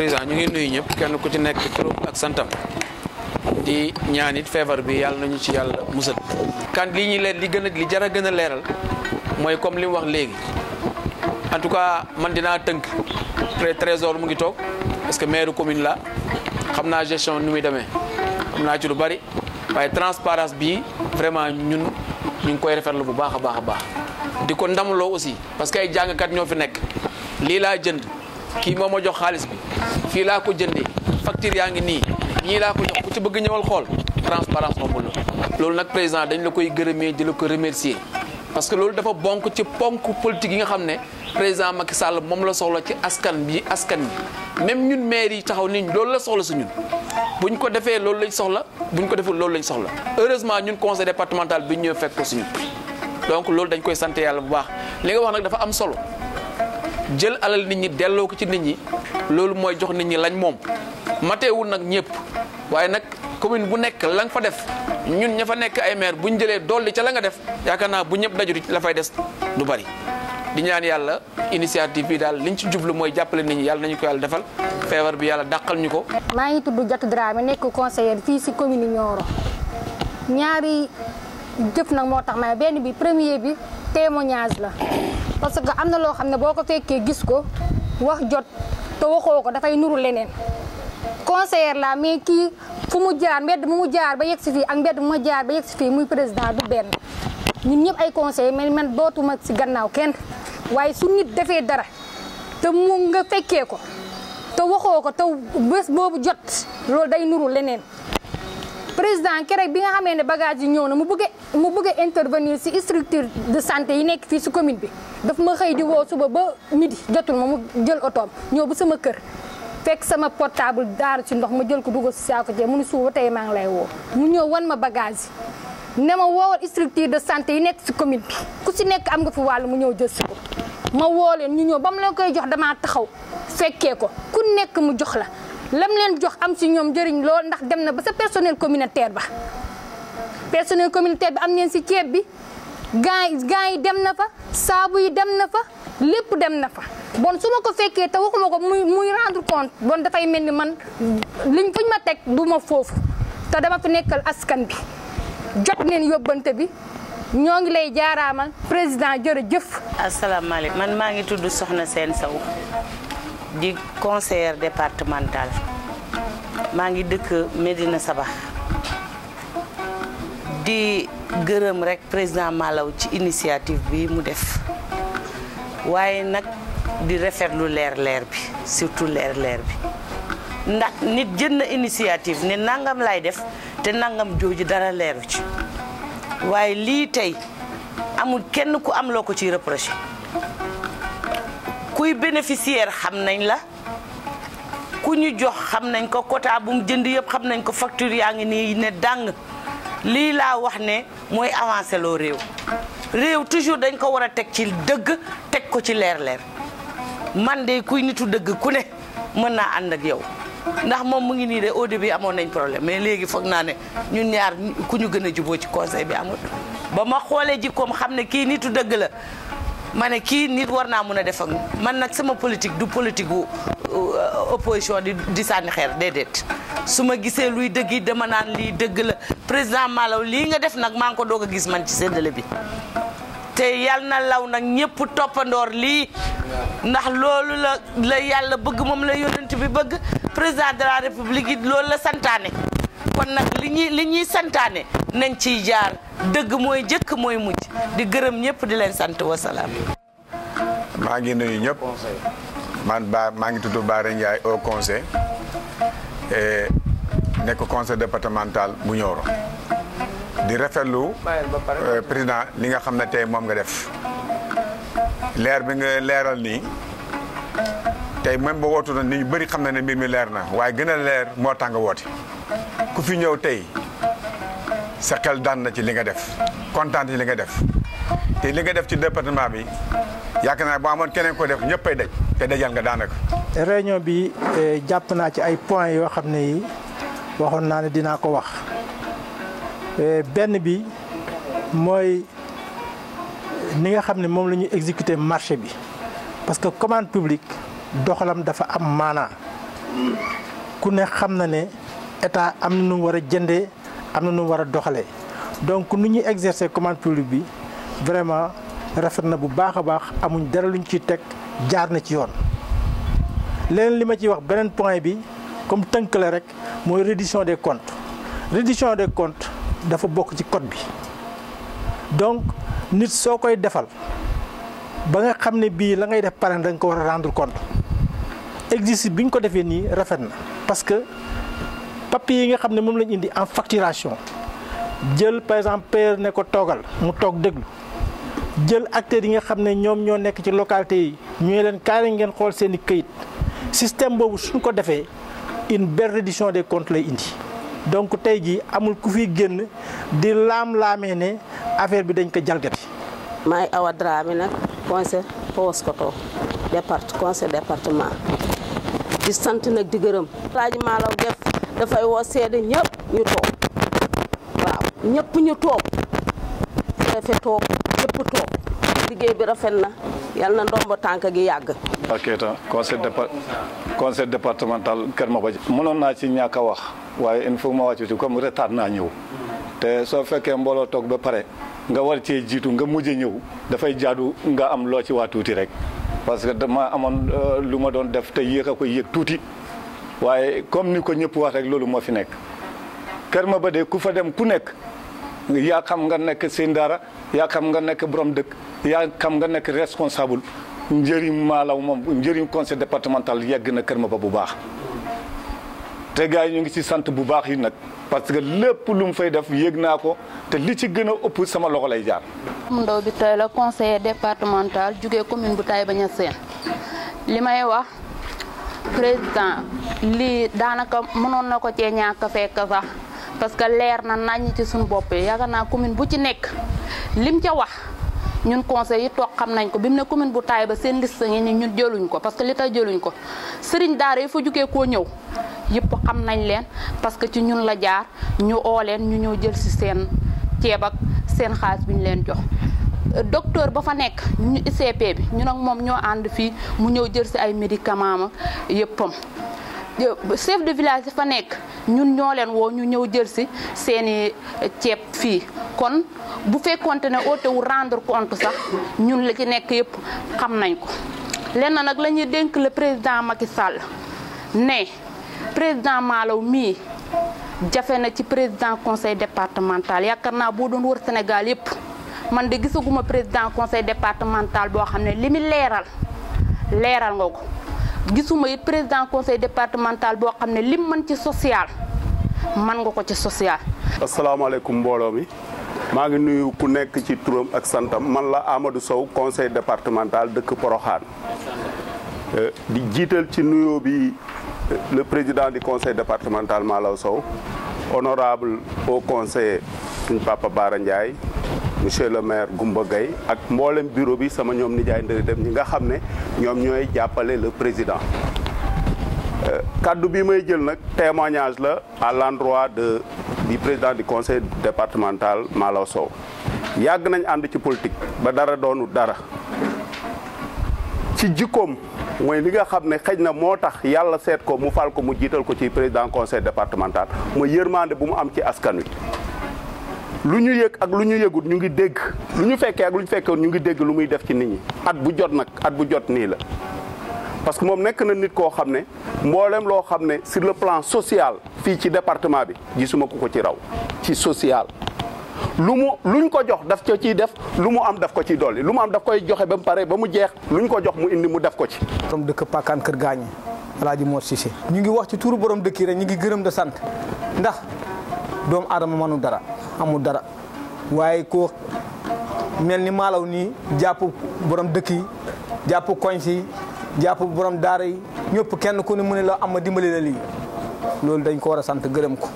président ñu ngi nuyu ñëpp kenn ku ci nekk turam ak santam di ñaan it feebar bi yàlla nañu ci yàlla musal kan li ñuy leer li gën a li jar a gën a leeral mooy comme li mu wax léegi en tout cas man dinaa tënk pré trésor mu ngi toog parce que maire commune la xam naa gestion nu muy demee xam naa ci lu bari waaye transparence bi vraiment ñun ñu ngi koy rafetlu bu baax a baax a baax di ko ndamloo aussi parce que ay jàngkat ñoo fi nekk lii laa jënd kii moo ma jox xaalis fii laa ko jëndee facture yaa ngi nii ñii laa ko jox ku ci bëgg ñëwal xool transparence amul la loolu nag président dañ la koy gërëmee di la ko remercier parce que loolu dafa bonk ci ponk politique yi nga xam ne président Macky Sall moom la soxla ci askan bi askan bi même ñun maire yi taxaw ni loolu la soxla su ñun buñ ko defee loolu lañ soxla buñ ko deful loolu lañ soxla heureusement ñun conseil départemental bi ñëw fekk ko suñu donc loolu dañ koy sant yàlla bu baax li nga wax nag dafa am solo jël alal nit ñi delloo ko ci nit ñi loolu mooy jox nit ñi lañ moom mateewul nag ñëpp waaye nag commune bu nekk la nga fa def ñun ña fa nekk ay maire bu jëlee dolli ca la nga def yaakaar naa bu ñëpp dajuri la fay des du bari di ñaan yàlla initiative bi daal liñ ci jublu mooy jàppale nit ñi yàlla nañu ko yàlla defal feebar bi yàlla dàqal ñu ko. maa ngi tudd Diatou Dramé nekk conseiller fii si commune Nioro ñaari jëf nag moo tax ma benn bi premier bi témoignage la. parce que am na loo xam ne boo ko fekkee gis ko wax jot te waxoo ko dafay nuru leneen conseillère laa mais kii fu mu jaar mbedd mu mu jaar ba yegg si fii ak mbedd ma jaar ba yegg muy président du benn ñun ñëpp ay conseillers mais man dootuma si gannaaw kenn waaye su nit defee dara te mu nga fekkee ko te waxoo ko te bés boobu jot loolu day nuru leneen président keroog bi nga xamee ne bagage yi ñëw na mu bëgg mu bëgg a intervenir si structure de santé yi nekk fii si commune bi dafa ma xëy di woo suba ba midi jotul ma jël otoom ñëw bu sama kër fekk sama portable daaru si ndox ma jël ko dugal si saako jee mu ne suba tey maa ngi lay woo mu ñëw wan ma bagage yi ne ma woowal structure de santé yi nekk si commune bi ku si nekk am nga fi wàll mu ñëw jël si ko ma woo leen ñu ñëw ba mu leen koy jox damaa taxaw fekkee ko ku nekk mu jox la lam leen jox am si ñoom njëriñ lool ndax dem na ba sa personnel communautaire ba personnel communautaire bi am neen si ceeb bi gaa gaa yi dem na fa saabu yi dem na fa lépp dem na fa bon su ma ko fekkee te waxuma ko muy muy rendre compte bon dafay mel ni man liñ fuñ ma teg du ma foofu te dama fi nekkal askan bi jot neen yóbbante bi ñoo ngi lay jaaraamal président jërëjëf. asalaamaaleykum man maa ngi tudd Soxna seen Sow di conseillère départementale maa ngi dëkk Médina sabax di gërëm rekk président Malaw ci initiative bi mu def waaye nag di rafetlu leer leer bi surtout leer leer bi ndax nit jën na initiative ne nangam laay def te nangam jooju dara leeru ci waaye lii tey amul kenn ku am loo ko ci reproché kuy bénéficiaire xam nañ la ku ñu jox xam nañ ko quota bu mu jënd yëpp xam nañ ko facture yaa ngi nii ne dàng lii laa wax ne mooy avancé loo réew réew toujours dañ ko war a teg ci dëgg teg ko ci leer-leer man de kuy nitu dëgg ku ne mën naa ànd ak yow ndax moom mu ngi nii de au début amoon nañ problème mais léegi foog naa ne ñun ñaar ku ñu gën a juboo ci conseil bi amul ba ma xoolee jikkoom xam ne kii nitu dëgg la ma ne kii nit war naa mun a def man nag sama politique du politique wu euh, opposition di di sànni xeer déedéet su ma gisee luy dëgg dama naan lii dëgg la président Malaw lii nga def nag maa ngi ko doog a gis man ci séddale bi te yal na law nag ñëpp toppandoor lii ndax loolu la la yàlla bëgg moom la yonent bi bëgg président de la république it loolu la santaane kon nag li ñuy li ñuy santaane nañ ciy jaar dëgg mooy jëkk mooy mujj di gërëm ñëpp di leen sant wasalaam. maa ngi nuyu ñëpp man baa maa ngi tudd Bara Ndiaye au conseil nekk conseil départemental bu Nioro di rafetlu euh, président li nga xam ne tey moom nga def leer bi nga leeral nii. tey même ba wootu na nit ñu bëri xam na ne mbir mi leer na waaye gën a leer moo tax nga woote ku fi ñëw tey sa xel daan na ci li nga def kontaan ci li nga def te li nga def ci département bi yaakaar naa boo amoon keneen ko def ñëppay daj te dajal nga daanaka. réunion bi eh, jàpp naa ci ay point yoo xam ne yi waxoon naa ne dinaa ko wax eh, benn bi mooy ni nga xam ne moom la ñu exécuté marché bi parce que commande publique. doxalam dafa am maana ku ne xam na ne état am na nu war a jëndee am na nu war a doxalee donc nu ñuy exercer commande publique bi vraiment rafet na bu baax a baax amuñ dara luñ ciy teg jaar na ci yoon. leneen li ma ciy wax beneen point bi comme tënkale rek mooy reddition des comptes reddition des comptes dafa bokk ci code bi donc nit soo koy defal ba nga xam ne bii la ngay def pare da nga ko war a rendre compte. exercice bi ñu ko defee nii rafet na parce que papier yi nga xam ne moom lañu indi en facturation jël par exemple père ne ko toogal mu toog déglu jël acteurs yi nga xam ne ñoom ñoo nekk ci localité yi ñu leen kaay ngeen xool seen i këyit système boobu suñ ko defee une belle reddition des comptes lay indi donc tey jii amul ku fiy génn di laam-laamee ne affaire bi dañ ko jalgati. may Awa Dramé nag conseil poste coto départ conseil département. di sant nag di gërëm laaji maalaw def dafay woo seede ñëpp ñu toog waaw ñëpp ñu toog préfet toog liggéey bi rafet na yal na ndombo tànk gi yàgg Keita conseil conseil départemental Kër Maba mënoon naa ci ñàkk wax waaye in faut ma wàccu ci comme retard naa ñëw te soo fekkee mbooloo toog ba pare nga war cee jiitu nga mujj ñëw dafay jaadu nga am loo ci waa tuuti rek parce que dama amoon euh, lu ma doon def te yéex a ko yéeg tuuti waaye comme ni ko ñëpp wax rek loolu moo fi nekk kër ma ba dee ku fa dem ku nekk yaa xam nga nekk seen daara yaa xam nga nekk borom dëkk yaa xam nga nekk responsable njëriñ maalaw moom njëriñ conseil départemental yegg na kër ma ba bu baax te gars ñu ngi ci sant bu baax yi nag parce que lépp lu mu def yëg naa ko te li ci gën a sama loxo lay jaar. mu ndaw bi tey la conseiller départemental jugee commune bu Taïba Niassène li may wax président lii daanaka mënoon na ko cee ñàkk fekk sax parce que leer na nañ ci suñu bopp yi yaakaar naa commune bu ci nekk lim ca wax. ñun conseil yi toog xam nañ ko bi ne commune bu ba seen liste ngi ni ñun jëluñ ko parce que li ta jëluñ ko sëriñ daara yi fa jugee koo ñëw yëpp xam nañ leen parce que ci ñun la jaar ñu oo leen ñu ñëw jël si seen ceebak seen xaalis biñ leen jox. docteur ba fa nekk ñu ICP bi ñu nag moom ñoo ànd fii mu ñëw jël si ay médicament ma yëppam chef de village yi fa nekk ñun ñoo leen woo ñu ñëw jël si seeni ceeb fii kon bu fekkonte ne oote wu rendre compte sax ñun la ci nekk yëpp xam nañ ko lenn nag lañuy ñuy le président Macky Sall ne président Malaw mii jafe na ci président conseil départemental yaakaar naa boo doon wër Sénégal yépp man de gisaguma président conseil départemental boo xam ne li mu leeral leeral nga ko gisuma it président conseil départemental boo xam ne lim mën ci social man nga ko ci social. asalaamaaleykum mbooloo mi maa ngi nuyu ku nekk ci turam ak santam man la Amadou Sow conseil départemental dëkk Porokhane eh, jiital ci nuyoo bi le président du conseil départemental Malosso, honorable au conseil papa le maire Goumba et le bureau bi sama avons le président euh, kaddu bi may témoignage à l'endroit du président du conseil départemental politique ba mooy li nga xam ne xëj na moo tax yàlla seet ko mu fal ko mu jiital ko ci président conseil départemental mooy yërmande bu mu am ci askan wi. lu ñu yëg ak lu ñu yëgut ñu ngi dégg lu ñu fekkee ak lu ñu fekkee ñu ngi dégg lu muy def ci nit ñi at bu jot nag at bu jot nii la. parce que moom nekk na nit koo xam ne mboolem loo xam ne sur le plan social fii ci département bi gisuma ku ko ci raw ci social. lu mu luñ ko jox daf ko ciy def lu mu am daf ko ciy dolli lu mu am daf koy joxe ba mu pare ba mu jeex luñ ko jox mu indi mu def ko ci. borom dëkk Pakane Kër Gaañi Alaaji Mor Cissé ñu ngi wax ci turu borom dëkk yi rek ñu ngi gërëm da sant ndax doomu aadama mënu dara amul dara waaye ko mel ni maalaw nii jàpp borom dëkk yi jàpp koñ si jàpp borom daara yi ñëpp kenn ku ne mu ne la am ma dimbali la lii loolu dañ ko war a sant gërëm ko.